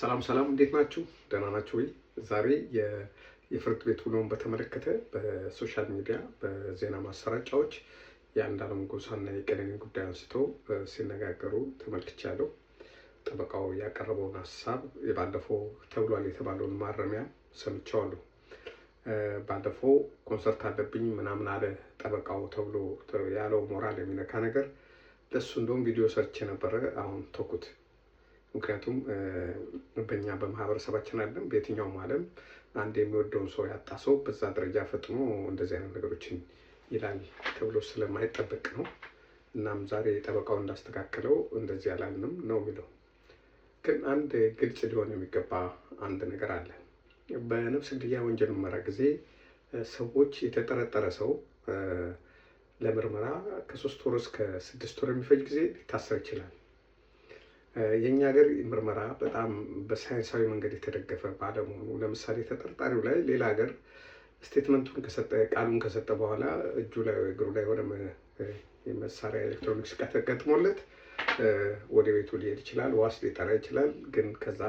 ሰላም ሰላም፣ እንዴት ናችሁ? ደህና ናችሁ ወይ? ዛሬ የፍርድ ቤት ውሎውን በተመለከተ በሶሻል ሚዲያ በዜና ማሰራጫዎች አለም ጎሳና የቀነኒ ጉዳይ አንስቶ ሲነጋገሩ ተመልክቻለሁ። ጠበቃው ያቀረበውን ሀሳብ ባለፈው ተብሏል የተባለውን ማረሚያ ሰምቼዋለሁ። ባለፈው ኮንሰርት አለብኝ ምናምን አለ ጠበቃው ተብሎ ያለው ሞራል የሚነካ ነገር ለሱ እንደውም ቪዲዮ ሰርቼ ነበረ። አሁን ተኩት ምክንያቱም በእኛ በማህበረሰባችን አለም በየትኛውም አለም አንድ የሚወደውን ሰው ያጣ ሰው በዛ ደረጃ ፈጥኖ እንደዚህ አይነት ነገሮችን ይላል ተብሎ ስለማይጠበቅ ነው። እናም ዛሬ ጠበቃው እንዳስተካከለው እንደዚህ አላልንም ነው የሚለው። ግን አንድ ግልጽ ሊሆን የሚገባ አንድ ነገር አለ። በነፍስ ግድያ ወንጀል ምርመራ ጊዜ ሰዎች የተጠረጠረ ሰው ለምርመራ ከሶስት ወር እስከ ስድስት ወር የሚፈጅ ጊዜ ሊታሰር ይችላል። የእኛ ሀገር ምርመራ በጣም በሳይንሳዊ መንገድ የተደገፈ ባለመሆኑ ለምሳሌ ተጠርጣሪው ላይ ሌላ ሀገር ስቴትመንቱን ከሰጠ ቃሉን ከሰጠ በኋላ እጁ ላይ እግሩ ላይ የሆነ የመሳሪያ ኤሌክትሮኒክስ ዕቃ ወደ ቤቱ ሊሄድ ይችላል፣ ዋስ ሊጠራ ይችላል። ግን ከዛ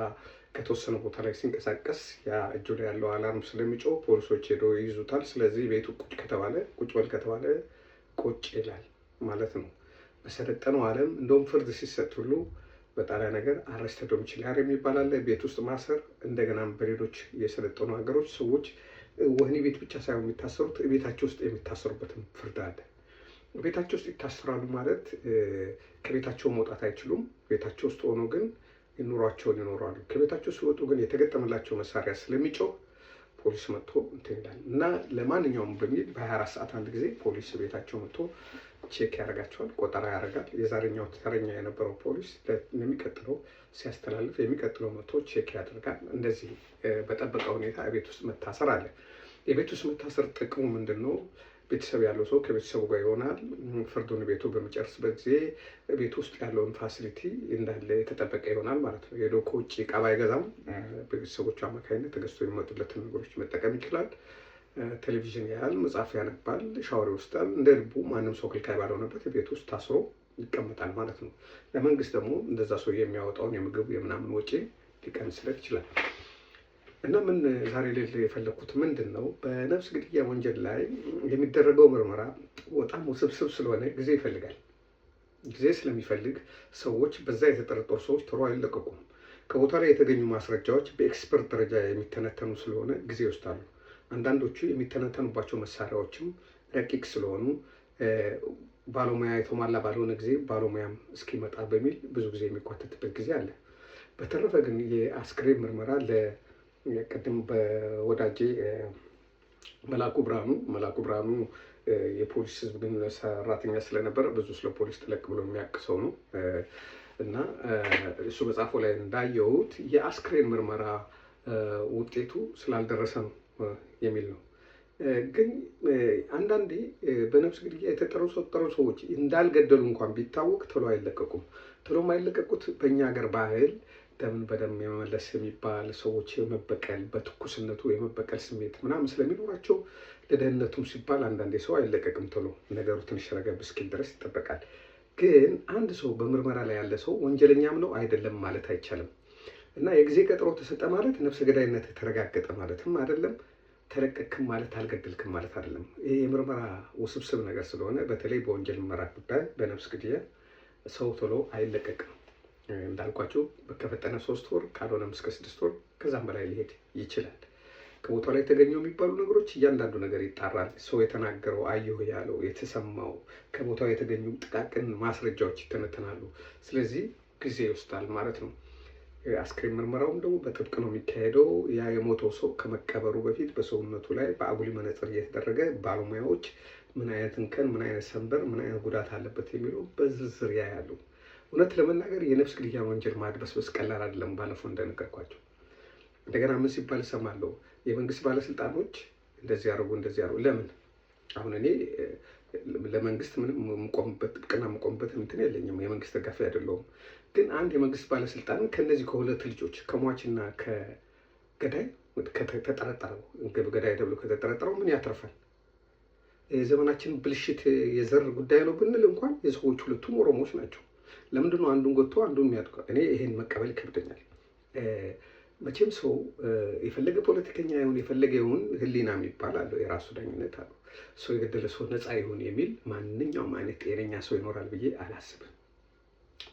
ከተወሰነ ቦታ ላይ ሲንቀሳቀስ ያ እጁ ላይ ያለው አላርም ስለሚጮህ ፖሊሶች ሄዶ ይይዙታል። ስለዚህ ቤቱ ቁጭ ከተባለ ቁጭ በል ከተባለ ቁጭ ይላል ማለት ነው። በሰለጠነው ዓለም እንደውም ፍርድ ሲሰጥ ሁሉ በጣሪያ ነገር አረስተ ዶሚችሊያሪ የሚባል አለ። ቤት ውስጥ ማሰር። እንደገና በሌሎች የሰለጠኑ ሀገሮች ሰዎች ወህኒ ቤት ብቻ ሳይሆን የሚታሰሩት ቤታቸው ውስጥ የሚታሰሩበትም ፍርድ አለ። ቤታቸው ውስጥ ይታሰራሉ ማለት ከቤታቸው መውጣት አይችሉም። ቤታቸው ውስጥ ሆኖ ግን ኑሯቸውን ይኖራሉ። ከቤታቸው ሲወጡ ግን የተገጠመላቸው መሳሪያ ስለሚጮህ ፖሊስ መጥቶ እንትን ይላል እና ለማንኛውም በሚል በ24 ሰዓት አንድ ጊዜ ፖሊስ ቤታቸው መጥቶ ቼክ ያደርጋቸዋል፣ ቆጠራ ያደርጋል። የዛሬኛው ተረኛ የነበረው ፖሊስ የሚቀጥለው ሲያስተላልፍ የሚቀጥለው መቶ ቼክ ያደርጋል። እንደዚህ በጠበቀ ሁኔታ ቤት ውስጥ መታሰር አለ። የቤት ውስጥ መታሰር ጥቅሙ ምንድን ነው? ቤተሰብ ያለው ሰው ከቤተሰቡ ጋር ይሆናል። ፍርዱን ቤቱ በሚጨርስበት ጊዜ ቤት ውስጥ ያለውን ፋሲሊቲ እንዳለ የተጠበቀ ይሆናል ማለት ነው። ሄዶ ከውጭ ዕቃ ባይገዛም በቤተሰቦቹ አማካኝነት ተገዝቶ የሚመጡለትን ነገሮች መጠቀም ይችላል። ቴሌቪዥን ያያል፣ መጽሐፍ ያነባል፣ ሻወር ይወስዳል። እንደ ልቡ ማንም ሰው ክልካይ ባልሆነበት ቤት ውስጥ ታስሮ ይቀመጣል ማለት ነው። ለመንግስት ደግሞ እንደዛ ሰው የሚያወጣውን የምግብ የምናምን ወጪ ሊቀንስለት ይችላል። እና ምን ዛሬ ሌል የፈለግኩት ምንድን ነው በነፍስ ግድያ ወንጀል ላይ የሚደረገው ምርመራ በጣም ውስብስብ ስለሆነ ጊዜ ይፈልጋል። ጊዜ ስለሚፈልግ ሰዎች በዛ የተጠረጠሩ ሰዎች ቶሎ አይለቀቁም። ከቦታ ላይ የተገኙ ማስረጃዎች በኤክስፐርት ደረጃ የሚተነተኑ ስለሆነ ጊዜ ይወስዳሉ። አንዳንዶቹ የሚተነተኑባቸው መሳሪያዎችም ረቂቅ ስለሆኑ ባለሙያ የተሟላ ባልሆነ ጊዜ ባለሙያም እስኪመጣ በሚል ብዙ ጊዜ የሚጓተትበት ጊዜ አለ። በተረፈ ግን የአስክሬን ምርመራ ለቅድም በወዳጄ መላኩ ብርሃኑ መላኩ ብርሃኑ የፖሊስ ህዝብ ግን ሰራተኛ ስለነበረ ብዙ ስለ ፖሊስ ተለቅ ብሎ የሚያውቅ ሰው ነው እና እሱ በጻፈው ላይ እንዳየሁት የአስክሬን ምርመራ ውጤቱ ስላልደረሰ ነው የሚል ነው። ግን አንዳንዴ በነፍስ ግድያ የተጠረጠሩ ሰዎች እንዳልገደሉ እንኳን ቢታወቅ ቶሎ አይለቀቁም። ቶሎ የማይለቀቁት በእኛ ሀገር ባህል ደምን በደም የመመለስ የሚባል ሰዎች የመበቀል በትኩስነቱ የመበቀል ስሜት ምናምን ስለሚኖራቸው ለደህንነቱም ሲባል አንዳንዴ ሰው አይለቀቅም ቶሎ። ነገሩ ትንሽ ረገብ እስኪል ድረስ ይጠበቃል። ግን አንድ ሰው በምርመራ ላይ ያለ ሰው ወንጀለኛም ነው አይደለም ማለት አይቻልም። እና የጊዜ ቀጠሮ ተሰጠ ማለት ነፍሰ ገዳይነት ተረጋገጠ ማለትም አይደለም። ተለቀክም ማለት አልገደልክም ማለት አይደለም። ይህ የምርመራ ውስብስብ ነገር ስለሆነ በተለይ በወንጀል ምርመራ ጉዳይ በነፍስ ግድያ ሰው ቶሎ አይለቀቅም። እንዳልኳቸው ከፈጠነ ሶስት ወር ካልሆነም እስከ ስድስት ወር ከዛም በላይ ሊሄድ ይችላል። ከቦታው ላይ የተገኘው የሚባሉ ነገሮች እያንዳንዱ ነገር ይጣራል። ሰው የተናገረው፣ አየሁ ያለው፣ የተሰማው ከቦታው የተገኙ ጥቃቅን ማስረጃዎች ይተነተናሉ። ስለዚህ ጊዜ ይወስዳል ማለት ነው። አስክሬን ምርመራውም ደግሞ በጥብቅ ነው የሚካሄደው። ያ የሞተው ሰው ከመቀበሩ በፊት በሰውነቱ ላይ በአጉሊ መነጽር እየተደረገ ባለሙያዎች ምን አይነት እንከን፣ ምን አይነት ሰንበር፣ ምን አይነት ጉዳት አለበት የሚለው በዝርዝር ያያሉ። እውነት ለመናገር የነፍስ ግድያ ወንጀል ማድበስበስ ቀላል አይደለም። ባለፈው እንደነገርኳቸው እንደገና ምን ሲባል እሰማለሁ፣ የመንግስት ባለስልጣኖች እንደዚህ ያደርጉ እንደዚህ ያደርጉ። ለምን አሁን እኔ ለመንግስት ምንም ጥብቅና የምቆምበት እንትን የለኝም። የመንግስት ደጋፊ አይደለሁም። ግን አንድ የመንግስት ባለስልጣን ከእነዚህ ከሁለት ልጆች ከሟችና ከገዳይ ከተጠረጠረው ገዳይ ተብሎ ከተጠረጠረው ምን ያተርፋል? የዘመናችን ብልሽት የዘር ጉዳይ ነው ብንል እንኳን የሰዎች ሁለቱም ኦሮሞዎች ናቸው። ለምንድነው አንዱን ጎትቶ አንዱን የሚያድቀው? እኔ ይሄን መቀበል ይከብደኛል። መቼም ሰው የፈለገ ፖለቲከኛ ይሁን የፈለገ ይሁን ህሊና የሚባል አለው፣ የራሱ ዳኝነት አለው። ሰው የገደለ ሰው ነፃ ይሁን የሚል ማንኛውም አይነት ጤነኛ ሰው ይኖራል ብዬ አላስብም።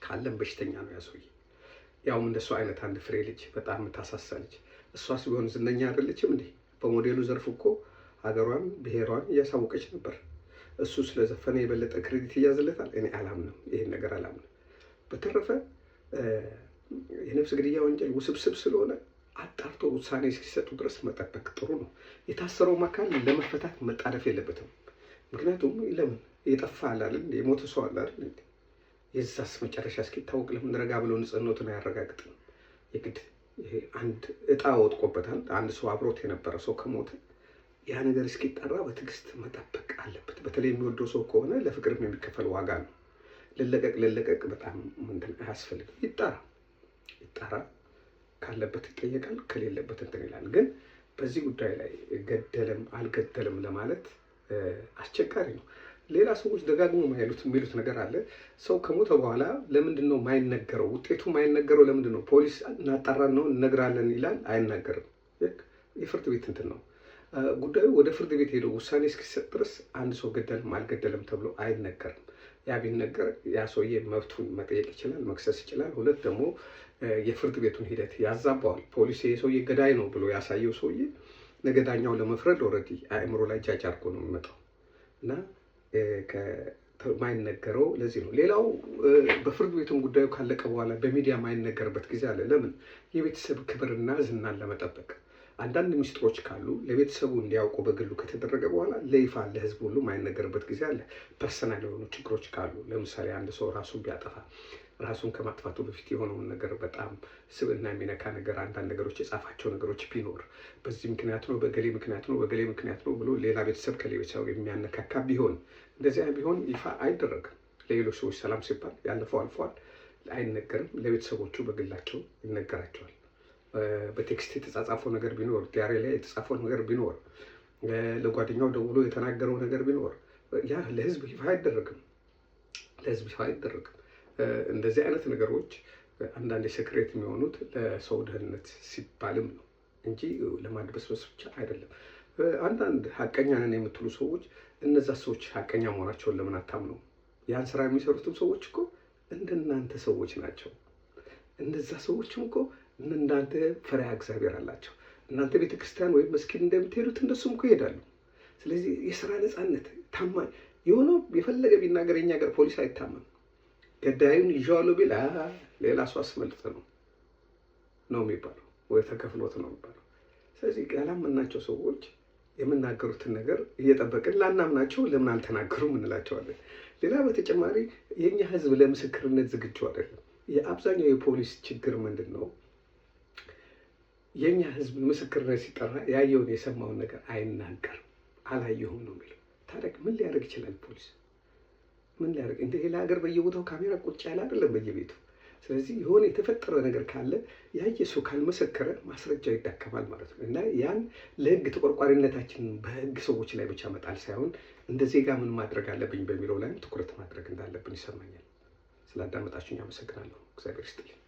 ካለም በሽተኛ ነው ያ ያውም እንደሱ አይነት አንድ ፍሬ ልጅ በጣም የምታሳሳ ልጅ። እሷስ ቢሆን ዝነኛ አይደለችም እንዴ? በሞዴሉ ዘርፍ እኮ ሀገሯን ብሔሯን እያሳወቀች ነበር። እሱ ስለዘፈነ የበለጠ ክሬዲት እያዘለታል። እኔ አላምንም፣ ይህን ነገር አላምንም። በተረፈ የነፍስ ግድያ ወንጀል ውስብስብ ስለሆነ አጣርቶ ውሳኔ እስኪሰጡ ድረስ መጠበቅ ጥሩ ነው። የታሰረው አካል ለመፈታት መጣደፍ የለበትም። ምክንያቱም ለምን የጠፋ አላል የሞተ ሰው አላል የዛስ መጨረሻ እስኪታወቅ ለምን ረጋ ብሎ ንጽህናውን አያረጋግጥም? የግድ አንድ እጣ ወጥቆበታል። አንድ ሰው አብሮት የነበረ ሰው ከሞተ ያ ነገር እስኪጠራ በትዕግስት መጠበቅ አለበት። በተለይ የሚወደው ሰው ከሆነ ለፍቅርም የሚከፈል ዋጋ ነው። ልለቀቅ ልለቀቅ በጣም ምንድን አያስፈልግም። ይጣራ ይጣራ። ካለበት ይጠየቃል፣ ከሌለበት እንትን ይላል። ግን በዚህ ጉዳይ ላይ ገደለም አልገደለም ለማለት አስቸጋሪ ነው። ሌላ ሰዎች ደጋግሞ ማይሉት የሚሉት ነገር አለ። ሰው ከሞተ በኋላ ለምንድን ነው ማይነገረው? ውጤቱ ማይነገረው ለምንድን ነው? ፖሊስ እናጣራን ነው እነግራለን ይላል፣ አይናገርም። የፍርድ ቤት እንትን ነው ጉዳዩ ወደ ፍርድ ቤት ሄደው ውሳኔ እስኪሰጥ ድረስ አንድ ሰው ገደልም አልገደለም ተብሎ አይነገርም። ያ ቢነገር ያ ሰውዬ መብቱን መጠየቅ ይችላል፣ መክሰስ ይችላል። ሁለት ደግሞ የፍርድ ቤቱን ሂደት ያዛባዋል። ፖሊስ ይሄ ሰውዬ ገዳይ ነው ብሎ ያሳየው ሰውዬ ነገ ዳኛው ለመፍረድ ኦልሬዲ አእምሮ ላይ ጃጅ አድርጎ ነው የሚመጣው እና ማይነገረው ለዚህ ነው። ሌላው በፍርድ ቤቱን ጉዳዩ ካለቀ በኋላ በሚዲያ ማይነገርበት ጊዜ አለ። ለምን? የቤተሰብ ክብርና ዝናን ለመጠበቅ አንዳንድ ሚስጥሮች ካሉ ለቤተሰቡ እንዲያውቁ በግሉ ከተደረገ በኋላ ለይፋ ለህዝብ ሁሉ ማይነገርበት ጊዜ አለ። ፐርሰናል የሆኑ ችግሮች ካሉ ለምሳሌ አንድ ሰው ራሱን ቢያጠፋ ራሱን ከማጥፋቱ በፊት የሆነውን ነገር በጣም ስብና የሚነካ ነገር አንዳንድ ነገሮች የጻፋቸው ነገሮች ቢኖር በዚህ ምክንያት ነው፣ በገሌ ምክንያት ነው፣ በገሌ ምክንያት ነው ብሎ ሌላ ቤተሰብ ከሌሎች የሚያነካካ ቢሆን እንደዚያ ቢሆን ይፋ አይደረግም። ለሌሎች ሰዎች ሰላም ሲባል ያለፈው አልፏል፣ አይነገርም። ለቤተሰቦቹ በግላቸው ይነገራቸዋል። በቴክስት የተጻጻፈው ነገር ቢኖር፣ ዲያሪ ላይ የተጻፈው ነገር ቢኖር፣ ለጓደኛው ደውሎ የተናገረው ነገር ቢኖር ያ ለህዝብ ይፋ አይደረግም። ለህዝብ ይፋ አይደረግም። እንደዚህ አይነት ነገሮች አንዳንድ የሴክሬት የሚሆኑት ለሰው ደህንነት ሲባልም ነው እንጂ ለማድበስበስ ብቻ አይደለም። አንዳንድ ሀቀኛ ነን የምትሉ ሰዎች እነዛ ሰዎች ሀቀኛ መሆናቸውን ለምን አታምነው? ያን ስራ የሚሰሩትም ሰዎች እኮ እንደናንተ ሰዎች ናቸው። እነዛ ሰዎችም እኮ እንዳንተ ፈሪሃ እግዚአብሔር አላቸው። እናንተ ቤተክርስቲያን ወይም መስጊድ እንደምትሄዱት እንደሱም እኮ ይሄዳሉ። ስለዚህ የስራ ነፃነት ታማኝ የሆነው የፈለገ ቢናገር የኛ ሀገር ፖሊስ አይታመም። ገዳዩን ይዤዋለሁ ቢል ሌላ ሰው አስመልጥ ነው ነው የሚባለው ወይ ተከፍሎት ነው የሚባለው። ስለዚህ ያላመናቸው ሰዎች የምናገሩትን ነገር እየጠበቅን ላናምናቸው ለምን አልተናገሩም እንላቸዋለን። ሌላ በተጨማሪ የኛ ህዝብ ለምስክርነት ዝግጁ አይደለም። የአብዛኛው የፖሊስ ችግር ምንድን ነው? የእኛ ህዝብ ምስክርነት ሲጠራ ያየውን የሰማውን ነገር አይናገርም። አላየሁም ነው የሚለው። ታዲያ ምን ሊያደርግ ይችላል ፖሊስ? ምን ሊያደርግ እንደ ሌላ ሀገር በየቦታው ካሜራ ቁጭ ያለ አይደለም በየቤቱ። ስለዚህ የሆነ የተፈጠረ ነገር ካለ ያየ ሰው ካልመሰከረ ማስረጃው ይዳከማል ማለት ነው እና ያን ለህግ ተቆርቋሪነታችን በህግ ሰዎች ላይ ብቻ መጣል ሳይሆን እንደ ዜጋ ምን ማድረግ አለብኝ በሚለው ላይም ትኩረት ማድረግ እንዳለብን ይሰማኛል። ስላዳመጣችሁኝ አመሰግናለሁ። እግዚአብሔር ይስጥልኝ።